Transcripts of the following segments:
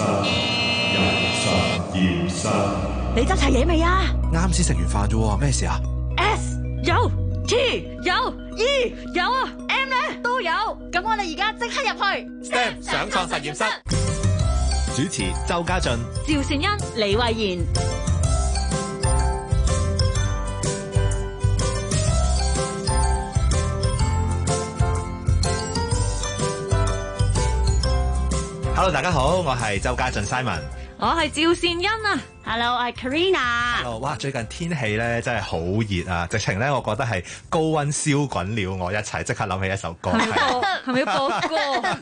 上上你執齊嘢未啊？啱先食完飯啫，咩事啊 S,？ 有，T 有，E 有，M 呢都有。咁我哋而家即刻入去。STEM 上創實驗室。主持：周家俊、趙善恩、李慧嫻。Hello，大家好，我係周家俊 Simon，我係趙善恩啊。Hello，I 我係 Karina。Hello，哇，最近天氣咧真係好熱啊！直情咧，我覺得係高温燒滾了我一齊，即刻諗起一首歌，係咪要播歌？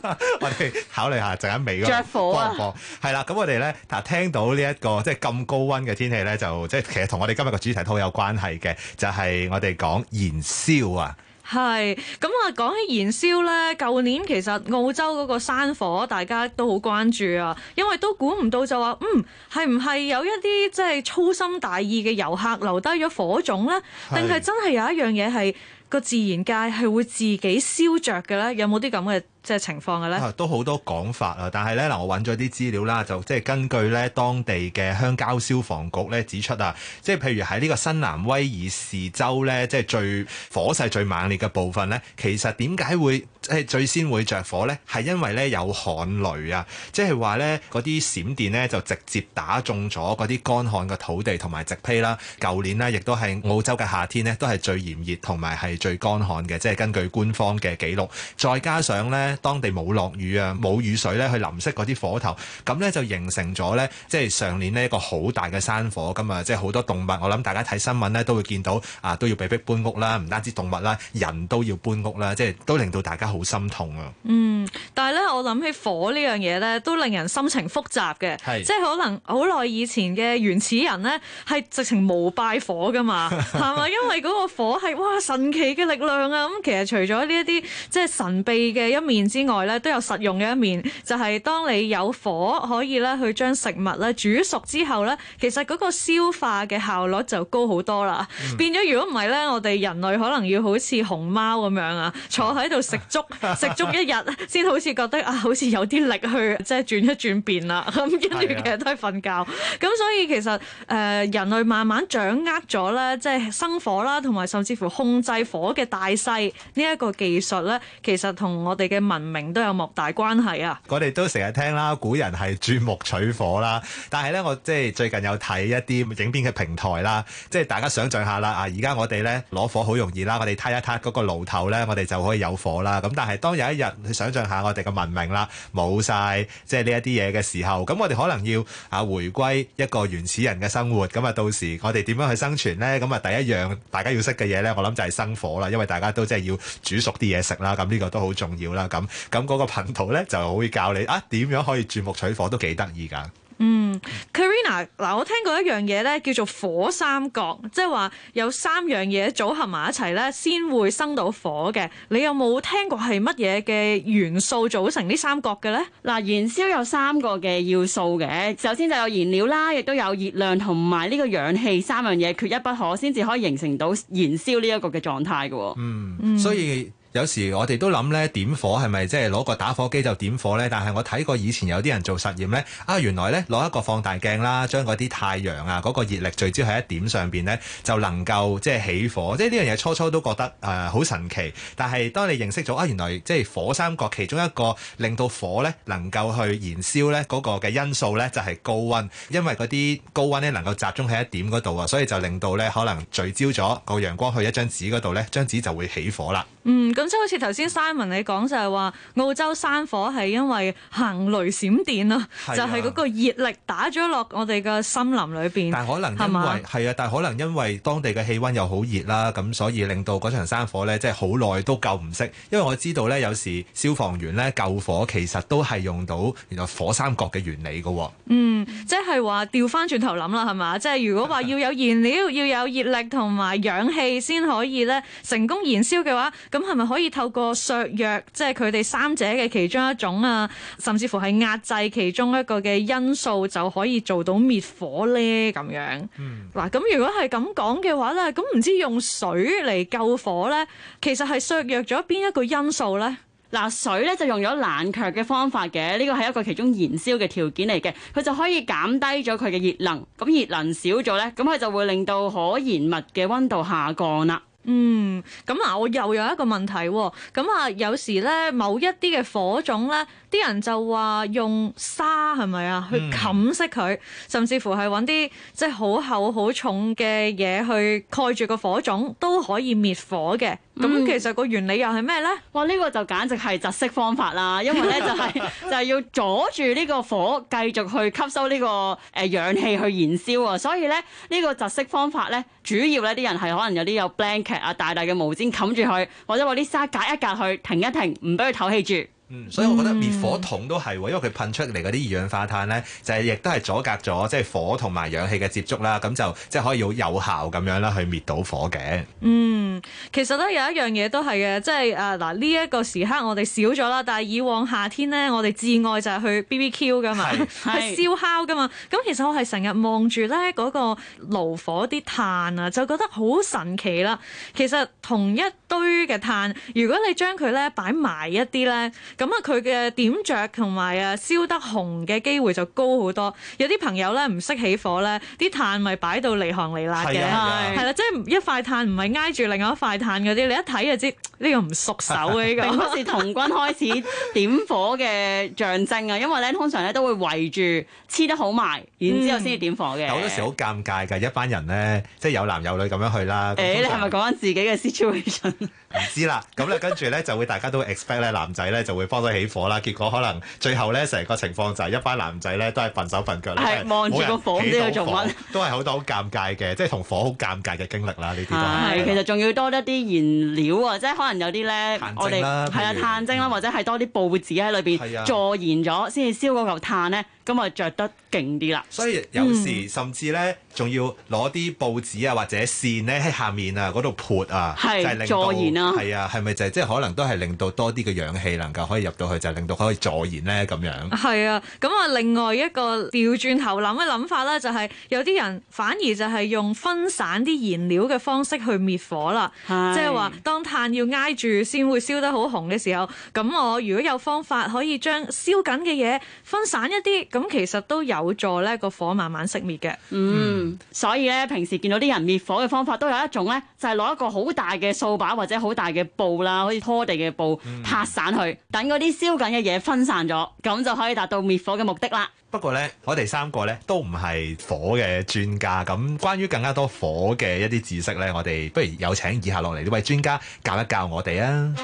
我哋考慮下，陣間尾着火啊！係啦，咁、啊、我哋咧，嗱，聽到、這個、呢一個即係咁高温嘅天氣咧，就即係其實同我哋今日個主題好有關係嘅，就係、是、我哋講燃燒啊。係咁啊！講起燃燒呢，舊年其實澳洲嗰個山火大家都好關注啊，因為都估唔到就話，嗯，係唔係有一啲即係粗心大意嘅遊客留低咗火種呢？定係是真係有一樣嘢係個自然界係會自己燒着嘅呢？有冇啲咁嘅？即係情況嘅咧，都好多講法啊！但係咧嗱，我揾咗啲資料啦，就即係根據咧當地嘅鄉郊消防局咧指出啊，即係譬如喺呢個新南威爾士州咧，即係最火勢最猛烈嘅部分咧，其實點解會即係最先會着火咧？係因為咧有旱雷啊，即係話咧嗰啲閃電咧就直接打中咗嗰啲乾旱嘅土地同埋植被啦。舊年咧亦都係澳洲嘅夏天咧都係最炎熱同埋係最乾旱嘅，即係根據官方嘅記錄再加上咧。當地冇落雨啊，冇雨水咧，去淋熄嗰啲火頭，咁咧就形成咗咧，即係上年呢一個好大嘅山火噶嘛。即係好多動物，我諗大家睇新聞咧都會見到啊，都要被逼搬屋啦，唔單止動物啦，人都要搬屋啦，即係都令到大家好心痛啊。嗯，但係咧，我諗起火呢樣嘢咧，都令人心情複雜嘅，是即係可能好耐以前嘅原始人呢，係直情無拜火噶嘛，係咪？ 因為嗰個火係哇神奇嘅力量啊！咁其實除咗呢一啲即係神秘嘅一面。之外咧，都有實用嘅一面，就係、是、當你有火可以咧去將食物咧煮熟之後咧，其實嗰個消化嘅效率就高好多啦。嗯、變咗如果唔係咧，我哋人類可能要好似熊貓咁樣啊，坐喺度食粥食 粥一日，先好似覺得啊，好似有啲力去即係轉一轉變啦。咁跟住其實都係瞓覺。咁、啊、所以其實誒、呃、人類慢慢掌握咗咧，即係生火啦，同埋甚至乎控制火嘅大細呢一個技術咧，其實同我哋嘅文明都有莫大關係啊！我哋都成日聽啦，古人係鑽木取火啦。但係呢，我即係最近有睇一啲影片嘅平台啦，即係大家想象下啦啊！而家我哋呢，攞火好容易啦，我哋撻一撻嗰個爐頭呢，我哋就可以有火啦。咁但係當有一日你想象下我哋嘅文明啦冇晒，即係呢一啲嘢嘅時候，咁我哋可能要啊回歸一個原始人嘅生活。咁啊，到時我哋點樣去生存呢？咁啊，第一樣大家要識嘅嘢呢，我諗就係生火啦，因為大家都即係要煮熟啲嘢食啦，咁呢個都好重要啦。咁咁嗰個頻道咧，就會教你啊，點樣可以鑽木取火都幾得意噶嗯，Karina，嗱，我聽過一樣嘢咧，叫做火三角，即係話有三樣嘢組合埋一齊咧，先會生到火嘅。你有冇聽過係乜嘢嘅元素組成呢三角嘅咧？嗱，燃燒有三個嘅要素嘅，首先就有燃料啦，亦都有熱量同埋呢個氧氣三樣嘢，缺一不可，先至可以形成到燃燒呢一個嘅狀態嘅。嗯，所以。有時我哋都諗呢點火係咪即係攞個打火機就點火呢？但係我睇過以前有啲人做實驗呢，啊原來呢，攞一個放大鏡啦，將嗰啲太陽啊嗰、那個熱力聚焦喺一點上邊呢，就能夠即係起火。即係呢樣嘢初初都覺得誒好、呃、神奇，但係當你認識咗啊，原來即係火三角其中一個令到火呢能夠去燃燒呢嗰個嘅因素呢，就係、是、高溫，因為嗰啲高溫呢能夠集中喺一點嗰度啊，所以就令到呢可能聚焦咗個陽光去一張紙嗰度呢，張紙就會起火啦。嗯。咁即係好似頭先 Simon 你講就係、是、話澳洲山火係因為行雷閃電啦，啊、就係嗰個熱力打咗落我哋嘅森林裏邊，但可能因為係吧啊，但可能因為當地嘅氣溫又好熱啦，咁所以令到嗰場山火咧，即係好耐都救唔熄。因為我知道咧，有時消防員咧救火其實都係用到原來火三角嘅原理嘅、哦。嗯，即係話調翻轉頭諗啦，係嘛？即係如果話要有燃料、 要有熱力同埋氧氣先可以咧成功燃燒嘅話，咁係咪？可以透過削弱即係佢哋三者嘅其中一種啊，甚至乎係壓制其中一個嘅因素就可以做到滅火呢。咁樣。嗱、嗯，咁、啊、如果係咁講嘅話咧，咁唔知用水嚟救火咧，其實係削弱咗邊一個因素呢？嗱、啊，水咧就用咗冷卻嘅方法嘅，呢個係一個其中燃燒嘅條件嚟嘅，佢就可以減低咗佢嘅熱能。咁熱能少咗咧，咁佢就會令到可燃物嘅溫度下降啦。嗯，咁啊，我又有一個問題，哦，咁啊，有時咧某一啲嘅火種咧，啲人就話用沙係咪啊，去冚熄佢，嗯，甚至乎係揾啲即係好厚好重嘅嘢去蓋住個火種，都可以滅火嘅。咁其實個原理又係咩咧？哇！呢、這個就簡直係窒息方法啦，因為咧就係、是、 就係要阻住呢個火繼續去吸收呢、這個誒、呃、氧氣去燃燒啊、喔，所以咧呢、這個窒息方法咧，主要咧啲人係可能有啲有 blanket 啊，大大嘅毛氈冚住佢，或者話啲沙隔一隔佢，停一停，唔俾佢唞氣住。嗯，所以我覺得滅火筒都係喎，因為佢噴出嚟嗰啲二氧化碳咧，就係、是、亦都係阻隔咗即係火同埋氧氣嘅接觸啦，咁就即係、就是、可以好有效咁樣啦去滅到火嘅。嗯，其實咧有一樣嘢都係嘅，即係誒嗱呢一個時刻我哋少咗啦，但係以往夏天咧我哋至愛就係去 BBQ 噶嘛，去是 燒烤噶嘛。咁其實我係成日望住咧嗰個爐火啲炭啊，就覺得好神奇啦。其實同一堆嘅炭，如果你將佢咧擺埋一啲咧。咁啊，佢嘅、嗯、點着同埋啊燒得紅嘅機會就高好多。有啲朋友咧唔識起火咧，啲炭咪擺到離行離辣嘅，係啦，即係一塊炭唔係挨住另外一塊炭嗰啲，你一睇就知呢、這個唔熟手嘅呢個。 並不是童軍開始點火嘅象徵啊，因為咧通常咧都會圍住黐得好埋，然之後先至點火嘅。嗯、有好多時好尷尬㗎，一班人咧即係有男有女咁樣去啦。誒、欸，你係咪講緊自己嘅 situation？唔知啦，咁咧跟住咧就會大家都 expect 咧男仔咧就會。放咗起火啦，結果可能最後咧，成個情況就係一班男仔咧都係笨手笨腳，係望住個火唔知佢做乜，都係好多好尷尬嘅，即係同火好尷尬嘅經歷啦。呢啲都係，其實仲要多一啲燃料啊，即係可能有啲咧，我哋係啊，炭精啦，或者係多啲報紙喺裏邊助燃咗，先至燒嗰嚿炭咧，咁啊着得勁啲啦。所以有時甚至咧。仲要攞啲報紙啊，或者線呢喺下面啊，嗰度潑啊，是就係令到係啊，係咪、啊、就係即係可能都係令到多啲嘅氧氣能夠可以入到去，就係、令到可以助燃呢。咁樣。係啊，咁啊，另外一個調轉頭諗嘅諗法咧、就係，就係有啲人反而就係用分散啲燃料嘅方式去滅火啦。是即係話，當炭要挨住先會燒得好紅嘅時候，咁我如果有方法可以將燒緊嘅嘢分散一啲，咁其實都有助呢個火慢慢熄滅嘅。嗯。嗯、所以咧，平時見到啲人滅火嘅方法都有一種咧，就係、是、攞一個好大嘅掃把或者好大嘅布啦，好似拖地嘅布，拍、嗯、散去，等嗰啲燒緊嘅嘢分散咗，咁就可以達到滅火嘅目的啦。不過咧，我哋三個咧都唔係火嘅專家，咁關於更加多火嘅一啲知識咧，我哋不如有請以下落嚟呢位專家教一教我哋啊！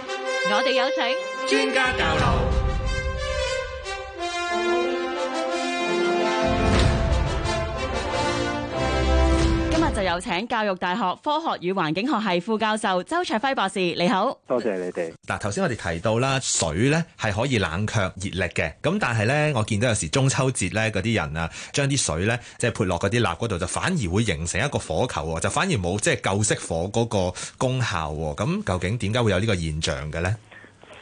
我哋有請專家教路。有請教育大學科學與環境學系副教授周卓輝博士，你好。多謝你哋。嗱、啊，頭先我哋提到啦，水呢係可以冷卻熱力嘅，咁但係呢，我見到有時中秋節呢嗰啲人啊，將啲水呢，即係潑落嗰啲蠟嗰度，就反而會形成一個火球喎，就反而冇即係救熄火嗰個功效喎。咁究竟點解會有呢個現象嘅呢？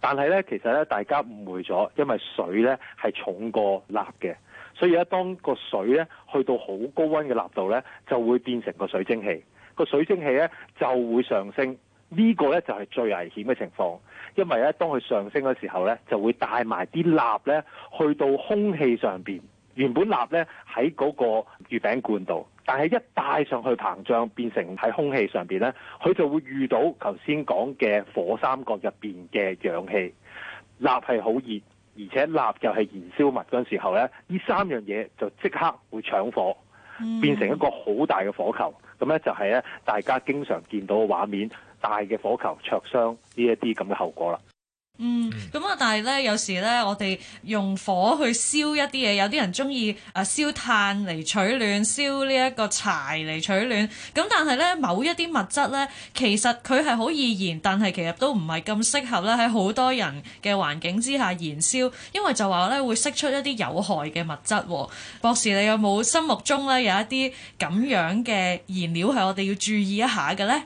但係咧，其實咧，大家誤會咗，因為水咧係重過蠟嘅，所以咧，當個水咧去到好高溫嘅蠟度咧，就會變成個水蒸氣，個水蒸氣咧就會上升，這個、呢個咧就係、是、最危險嘅情況，因為咧，當佢上升嘅時候咧，就會帶埋啲蠟咧去到空氣上面。原本蠟咧喺嗰個月餅罐度，但係一帶上去膨脹變成喺空氣上邊咧，佢就會遇到頭先講嘅火三角入邊嘅氧氣。蠟係好熱，而且蠟又係燃燒物嗰陣時候咧，呢三樣嘢就即刻會搶火，變成一個好大嘅火球。咁咧、嗯、就係咧大家經常見到嘅畫面，大嘅火球灼傷呢一啲咁嘅後果啦。嗯，咁啊，但係咧，有時咧，我哋用火去燒一啲嘢，有啲人中意啊燒炭嚟取暖，燒呢一個柴嚟取暖。咁但係咧，某一啲物質咧，其實佢係好易燃，但係其實都唔係咁適合咧喺好多人嘅環境之下燃燒，因為就話咧會釋出一啲有害嘅物質。博士，你有冇心目中咧有一啲咁樣嘅燃料係我哋要注意一下嘅咧？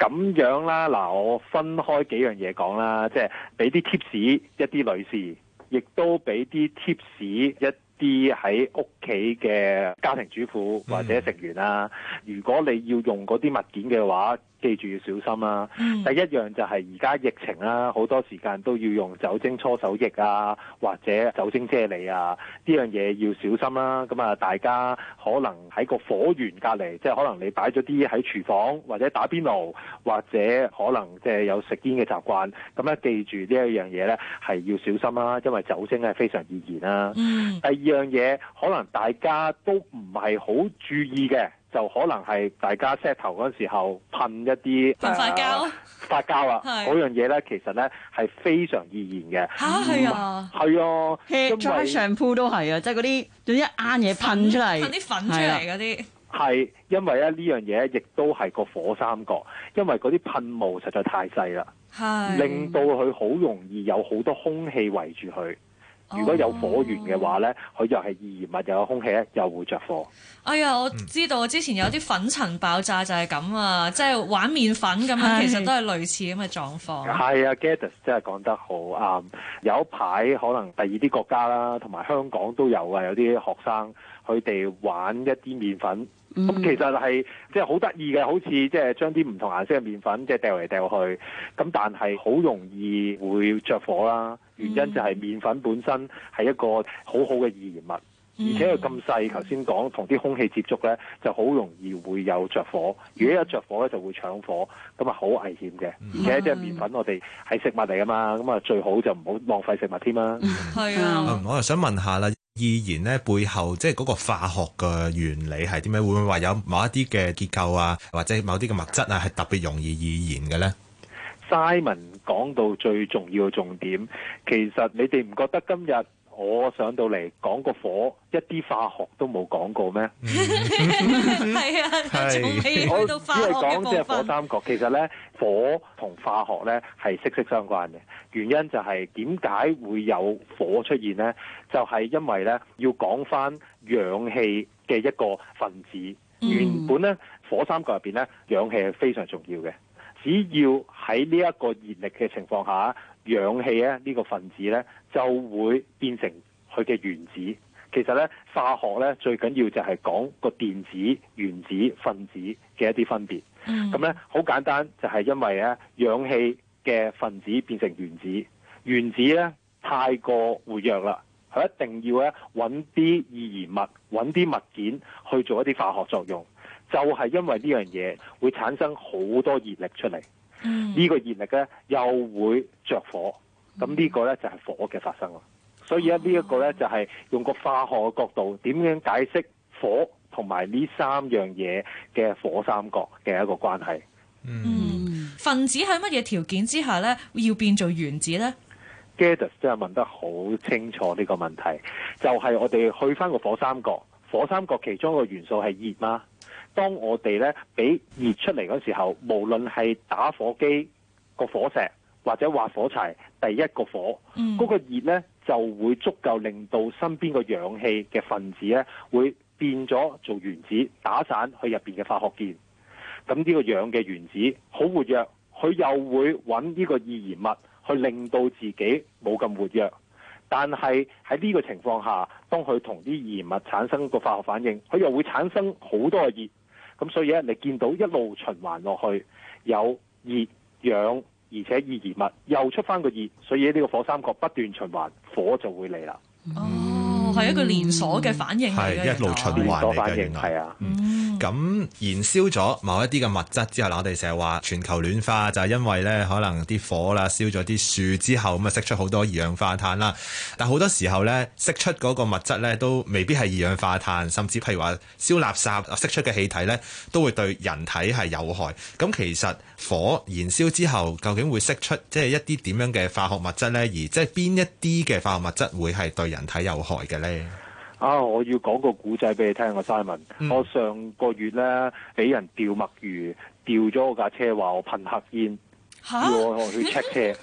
咁樣啦，嗱，我分開幾樣嘢講啦，即係俾啲貼士一啲女士，亦都俾啲貼士一啲喺屋企嘅家庭主婦或者成員啦。如果你要用嗰啲物件嘅話，記住要小心啦、啊。嗯、第一樣就係而家疫情啦、啊，好多時間都要用酒精搓手液啊，或者酒精啫喱啊，呢樣嘢要小心啦。咁啊，大家可能喺個火源隔離，即係可能你擺咗啲喺廚房，或者打邊爐，或者可能即係有食煙嘅習慣，咁咧記住呢一樣嘢咧係要小心啦、啊，因為酒精係非常易燃啦、啊。嗯、第二樣嘢可能大家都唔係好注意嘅。就可能係大家 set 頭嗰陣時候噴一啲發膠、呃，發膠啊，嗰 是樣嘢咧，其實咧係非常易燃嘅嚇，係啊，係、嗯、啊，因為上鋪都係啊，即係嗰啲用一啱嘢噴出嚟，噴啲粉出嚟嗰啲，係因為咧呢樣嘢亦都係個火三角，因為嗰啲噴霧實在太細啦， 令到佢好容易有好多空氣圍住佢。如果有火源嘅話咧，佢就係易燃物，又有空氣咧，又會着火。哎呀，我知道，之前有啲粉塵爆炸就係咁啊，即係玩麵粉咁樣，就係、 其實都係類似咁嘅狀況。係 啊，Gadis 真係講得好啱。Um, 有一排可能第二啲國家啦，同埋香港都有啊，有啲學生佢哋玩一啲麵粉。咁、嗯、其實係即係好得意嘅，好似即係將啲唔同顏色嘅麵粉即係掉嚟掉去，咁但係好容易會着火啦。原因就係麵粉本身係一個好好嘅易燃物，而且佢咁細，頭先講同啲空氣接觸咧就好容易會有着火。如果有着火咧就會搶火，咁啊好危險嘅。而且即係麵粉我哋係食物嚟噶嘛，咁啊最好就唔好浪費食物添啦。係雷 啊，我又想問下啦。聽患易燃咧背後即係嗰個化學嘅原理係點樣？會唔會話有某一啲嘅結構啊，或者某啲嘅物質啊，係特別容易易燃嘅咧？Simon 講到最重要嘅重點，其實你哋唔覺得今日？我上到嚟講個火一啲化學都冇講過咩？係啊，從未講到化學嘅部分。只係講即係火三角，其實咧火同化學咧係息息相關嘅。原因就係點解會有火出現咧？就係因為咧要講翻氧氣嘅一個分子。原本咧火三角入邊咧氧氣係非常重要嘅。只要喺呢一個熱力嘅情況下。氧氣咧呢個分子咧就會變成佢嘅原子。其實咧化學咧最緊要就係講個電子、原子、分子嘅一啲分別。咁咧好簡單就係因為咧氧氣嘅分子變成原子，原子咧太過活躍啦，佢一定要咧揾啲易燃物、揾啲物件去做一啲化學作用，就係因為呢樣嘢會產生好多熱力出嚟。呢、嗯、個熱力咧又會着火，咁呢個咧就係火嘅發生咯。所以咧呢一個咧就係用個化學嘅角度，點樣解釋火同埋呢三樣嘢嘅火三角嘅一個關係。嗯，嗯，分子喺乜嘢條件之下咧要變做原子咧？Gadus 真係問得好清楚呢個問題，就係、是、我哋去翻個火三角，火三角其中一個元素係熱嗎？當我哋咧俾熱出嚟嗰時候，無論係打火機個火石或者劃火柴，第一個火，嗰、嗯、個熱咧就會足夠令到身邊個氧氣嘅分子咧會變咗做原子打散去入邊嘅化學鍵。咁呢個氧嘅原子好活躍，佢又會揾呢個易燃物去令到自己冇咁活躍。但係喺呢個情況下，當佢同啲易燃物產生個化學反應，佢又會產生好多嘅熱。咁所以人哋見到一路循環落去，有熱氧，而且易燃物又出翻個熱，所以呢個火三角不斷循環，火就會嚟啦。嗯、哦，係一個連鎖嘅反應嚟嘅，係一路循環嚟連鎖反應，係啊。嗯嗯。咁燃燒咗某一啲嘅物質之後，我哋成日話全球暖化就係因為呢，可能啲火啦燒咗啲樹之後咁啊釋出好多二氧化碳啦。但好多時候呢，釋出嗰個物質呢，都未必係二氧化碳，甚至譬如話燒垃圾釋出嘅氣體呢，都會對人體係有害。咁其實火燃燒之後究竟會釋出即係一啲點樣嘅化學物質呢？而即係邊一啲嘅化學物質會係對人體有害嘅呢？啊、哦！我要講個古仔俾你聽，個 Simon。嗯、我上個月咧俾人釣墨魚，釣咗我架車，話我噴黑煙，要我去 check 車。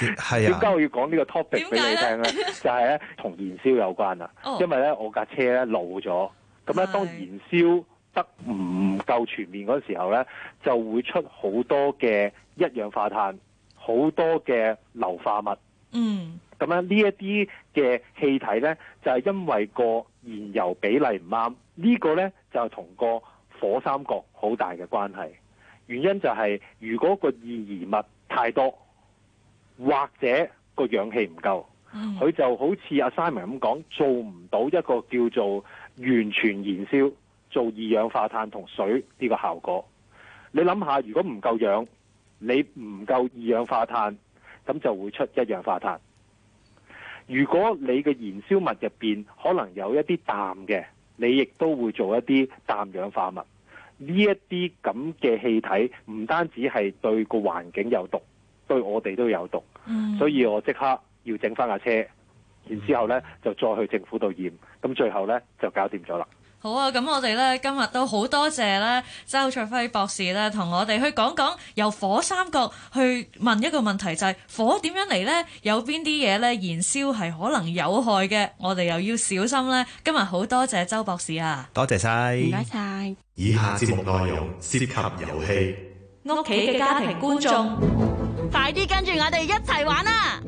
點解哈、啊、我要講呢個 topic 俾你聽咧？就係咧同燃燒有關啦。哦、因為咧我架車咧老咗，咁、嗯、咧是當燃燒得唔夠全面嗰時候咧，就會出好多嘅一氧化碳，好多嘅硫化物。嗯。咁咧，呢一啲嘅氣體呢，就係因為個燃油比例唔啱，呢個呢，就同個火三角好大嘅關係。原因就係如果個易燃物太多，或者個氧氣唔夠，佢的就好似阿 Simon 咁講，做唔到一個叫做完全燃燒，做二氧化碳同水呢個效果。你諗下，如果唔夠氧，你唔夠二氧化碳，咁就會出一氧化碳。如果你嘅燃燒物入邊可能有一啲氮嘅，你亦都會做一啲氮氧化物。呢一啲咁嘅氣體唔單止係對個環境有毒，對我哋都有毒。所以我即刻要整翻架車，然之後呢，就再去政府度驗，咁最後呢，就搞掂咗啦。好啊，咁我哋咧今日都好多謝咧周卓輝博士咧，同我哋去講講由火三角去問一個問題，就係火點樣嚟呢？有邊啲嘢咧燃燒係可能有害嘅？我哋又要小心咧。今日好多謝周博士啊！多謝晒。唔該晒。以下節目內容涉及遊戲，屋企嘅家庭觀眾，快啲跟住我哋一齊玩啊！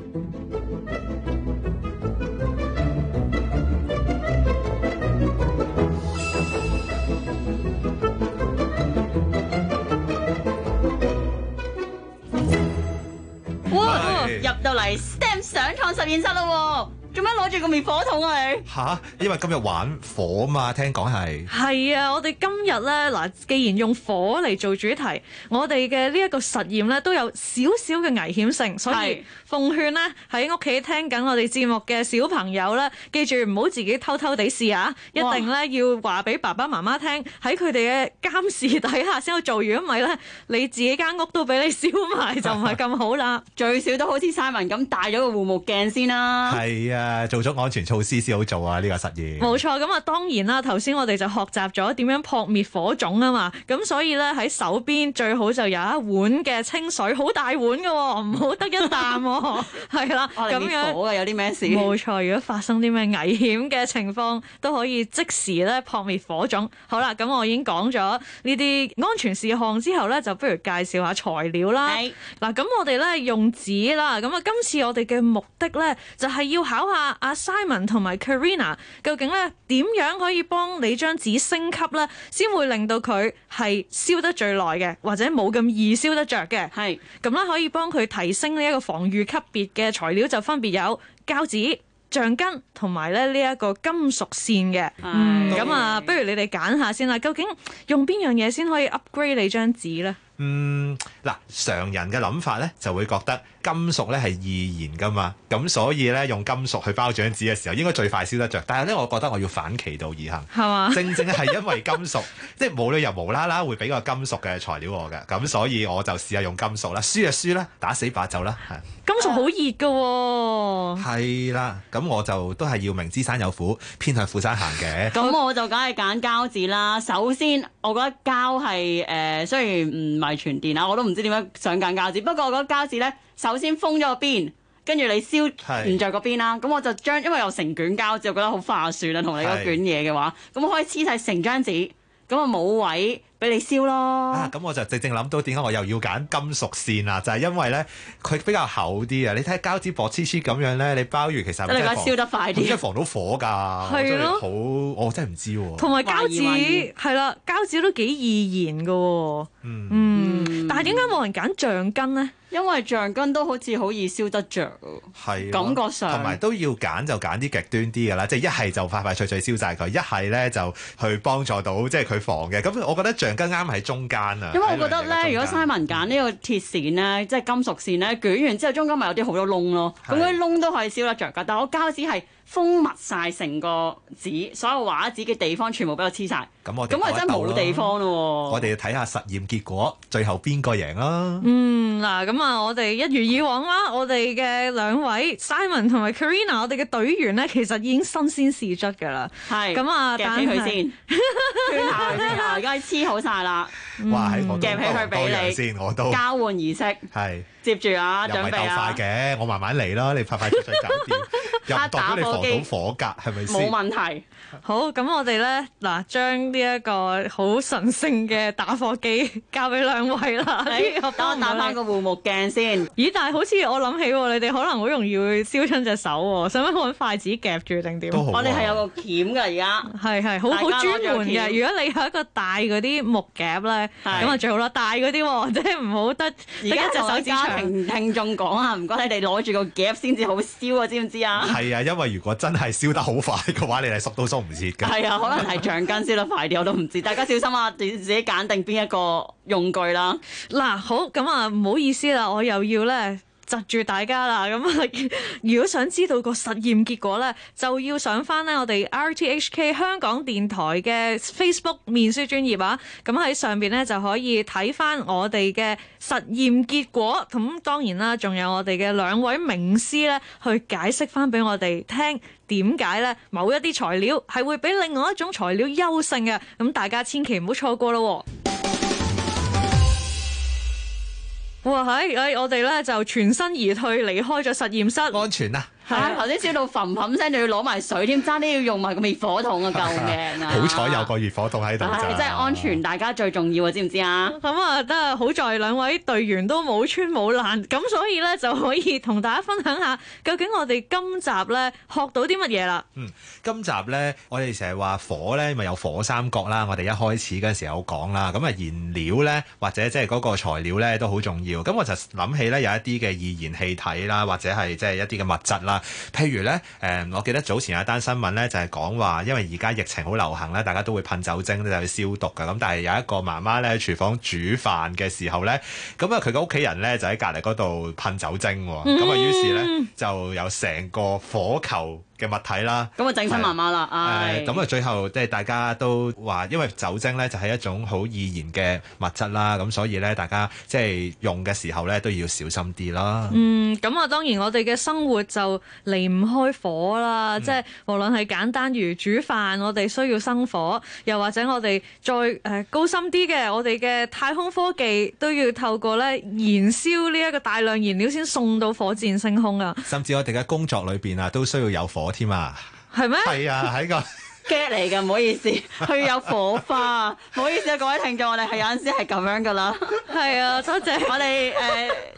哇！ 入到嚟 STEM 上創實驗室啦喎～做咩攞住個滅火筒啊你？嚇，因為今日玩火啊嘛，聽講係。係啊，我哋今日咧嗱，既然用火嚟做主題，我哋嘅呢一個實驗咧都有少少嘅危險性，所以奉勸咧喺屋企聽緊我哋節目嘅小朋友咧，記住唔好自己偷偷地試下，一定咧要話俾爸爸媽媽聽，喺佢哋嘅監視底下先去做。如果唔係咧，你自己間屋都俾你燒埋，就唔係咁好啦。最少都好似 Simon 咁戴咗個護目鏡先啦。係啊。誒，做咗安全措施先好做啊，呢個實驗，冇錯。咁啊，當然啦，頭先我哋就學習咗點樣撲滅火種啊嘛。咁所以咧，喺手邊最好就有一碗嘅清水，好大碗嘅，哦，唔好得一啖，哦。係 啦，咁哇樣。好啊，有啲咩事？冇錯，如果發生啲咩危險嘅情況，都可以即時咧撲滅火種。好啦，咁我已經講咗呢啲安全事項之後咧，就不如介紹下材料啦。嗱是，咁我哋咧用紙啦。咁啊，今次我哋嘅目的咧，就係要考下。阿、啊、Simon 同埋 Karina 究竟咧點樣可以幫你張紙升級咧，先會令到佢係燒得最耐嘅，或者冇咁易燒得着嘅？係咁咧，可以幫佢提升呢一個防禦級別嘅材料就分別有膠紙、橡筋同埋咧呢一個金屬線嘅。嗯，咁啊，對不如你哋揀下先啦。究竟用邊樣嘢先可以 upgrade 你張紙咧？嗯，嗱，常人嘅諗法咧就會覺得。金屬咧係易燃噶嘛，咁所以咧用金屬去包張紙嘅時候應該最快燒得着。但係咧，我覺得我要反其道而行，係嘛嗎？正正係因為金屬， 即係冇理由無啦啦會俾個金屬嘅材料我嘅，咁 所以我就試下用金屬啦。輸就輸啦，打死把就、哦 uh, 啦，係金屬好熱嘅喎，係啦。咁我就都係要明知山有虎，偏向虎山行嘅。咁 我就梗係揀膠紙啦。首先，我覺得膠係誒、呃，雖然唔係傳電啊，我都唔知點解想揀膠紙。不過，我覺得膠紙咧。首先封咗個邊，跟住你燒唔在個邊啦。咁是我就將，因為又成卷膠紙，我覺得好化算啦。同你一個卷嘢嘅話，咁是可以黐晒成張紙，咁啊冇位俾你燒咯。啊，咁我就正正諗到點解我又要揀金屬線啊？就係、是、因為咧，佢比較厚啲啊。你睇膠紙薄黐黐咁樣咧，你包完其實，你話燒得快啲，咁即係防到火㗎。係咯、啊，好，我真係唔知喎。同埋膠紙係啦，膠紙都幾易燃嘅。嗯，嗯但係點解冇人揀橡筋咧？因為橡筋都好似好易燒得着，係的，感覺上同埋都要揀就揀啲極端啲嘅啦，即係一係就快快脆脆燒晒佢，一係咧就去幫助到即係佢防嘅。咁我覺得橡筋啱喺中間啊。因為我覺得咧，如果 Simon 揀呢個鐵線咧，即係金屬線咧，捲完之後中間咪有啲好多窿咯。咁啲窿都可以燒得着嘅。但係我膠紙係封密晒成個紙，所有畫紙嘅地方全部俾我黐晒。咁我咁我真係冇地方咯。我哋要睇下實驗結果，最後邊個贏啦？嗯，嗱，咁啊，我哋一如以往啦，我哋嘅兩位 Simon 同埋 Karina 我哋嘅隊員咧，其實已經新鮮事足噶啦。係咁啊，夾佢先，唔該黐好晒啦。哇，夾起佢俾你先，我都交換儀式係，接住啊，又唔係鬥快嘅，我慢慢嚟，咯，你快快出搞掂，又唔代表你防到火格係咪先？冇問題。好，咁我哋咧嗱，將呢一個好神聖嘅打火機 交俾兩位啦。 是你等我戴翻個護目鏡先。咦？但係好似我諗起，你哋可能好容易會燒親隻手喎。使唔使揾筷子夾住定點？啊、我哋係有個鉗㗎，而大家係係好好專門㗎。如果你有一個大嗰啲木夾咧，咁啊是最好啦。大嗰啲即係唔好得。而現在 家聽聽眾講啊，唔該你哋攞住個夾先至好燒啊，知唔知啊？係 啊，因為如果真係燒得好快嘅話，你係熟到熟。都唔知，係啊，可能係橡筋先啦，快啲 我都唔知。大家小心啊，你自己揀定邊一個用具啦。嗱、啊，好咁啊，唔好意思啦，我又要咧。窒住大家啦！咁 如果想知道個實驗結果呢，就要上翻呢我哋 RTHK 香港電台嘅 Facebook 面書專頁啊！咁喺上邊呢就可以睇翻我哋嘅實驗結果。咁當然啦，仲有我哋嘅兩位名師呢去解釋翻俾我哋聽點解呢某一啲材料係會比另外一種材料優勝嘅。咁大家千祈唔好錯過咯喎、哦！哇！喺、哎哎，我哋呢就全身而退，離開咗實驗室，安全啦、啊。係頭先燒到憤憤聲，仲要攞埋水添，差啲要用埋個滅火筒啊！救命啊！ 好彩有個滅火筒喺度就，真係、哎、安全，大家最重要啊！知唔知啊？咁啊、嗯，都係好在兩位隊員都冇穿冇爛，咁所以咧就可以同大家分享下究竟我哋今集咧學到啲乜嘢啦。嗯，今集咧我哋成日話火咧咪有火三角啦，我哋一開始嗰陣時有講啦。咁啊，燃料咧或者即係嗰個材料咧都好重要。咁我就諗起咧有一啲嘅易燃氣體啦，或者係即係一啲嘅物質啦。譬如咧，誒、嗯，我記得早前有一單新聞咧，就係、是、講話，因為而家疫情好流行咧，大家都會噴酒精咧，就去、是、消毒噶。咁但係有一個媽媽咧，喺廚房煮飯嘅時候咧，咁啊，佢個屋企人咧就喺隔離嗰度噴酒精，咁啊、嗯，於是咧就有成個火球。嘅物體啦，咁啊整返麻麻啦，咁啊最後即係大家都話，因為酒精呢就係一種好易燃嘅物質啦，咁所以呢，大家即係用嘅時候呢都要小心啲啦。嗯，咁啊當然我哋嘅生活就離唔開火啦，嗯、即係無論係簡單如煮飯，我哋需要生火，又或者我哋再誒高深啲嘅，我哋嘅太空科技都要透過呢燃燒呢一個大量燃料先送到火箭升空啊。甚至我哋嘅工作裏邊啊，都需要有火。我添啊，係咩？係啊，喺個劇嚟噶，唔好意思，佢有火花，唔好意思啊，各位聽眾，我哋係有陣時係咁樣噶啦，係啊，多謝我哋，誒，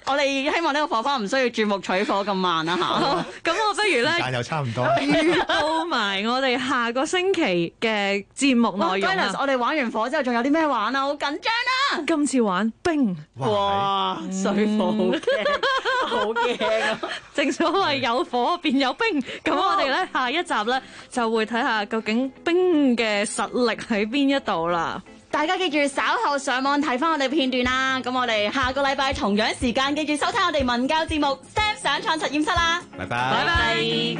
我哋希望呢個火花唔需要鑽木取火咁慢啊吓，咁我不如咧，又差唔多，預告埋我哋下個星期嘅節目內容，我哋玩完火之後，仲有啲咩玩啊？好緊張啊！今次玩冰哇，水火。好驚啊！正所謂有火便有冰，咁我哋咧下一集咧就會睇下究竟冰嘅實力喺邊一度啦。大家記住稍後上網睇翻我哋片段啦。咁我哋下個禮拜同樣時間記住收聽我哋文教節目《STEM 上創實驗室》啦。拜拜。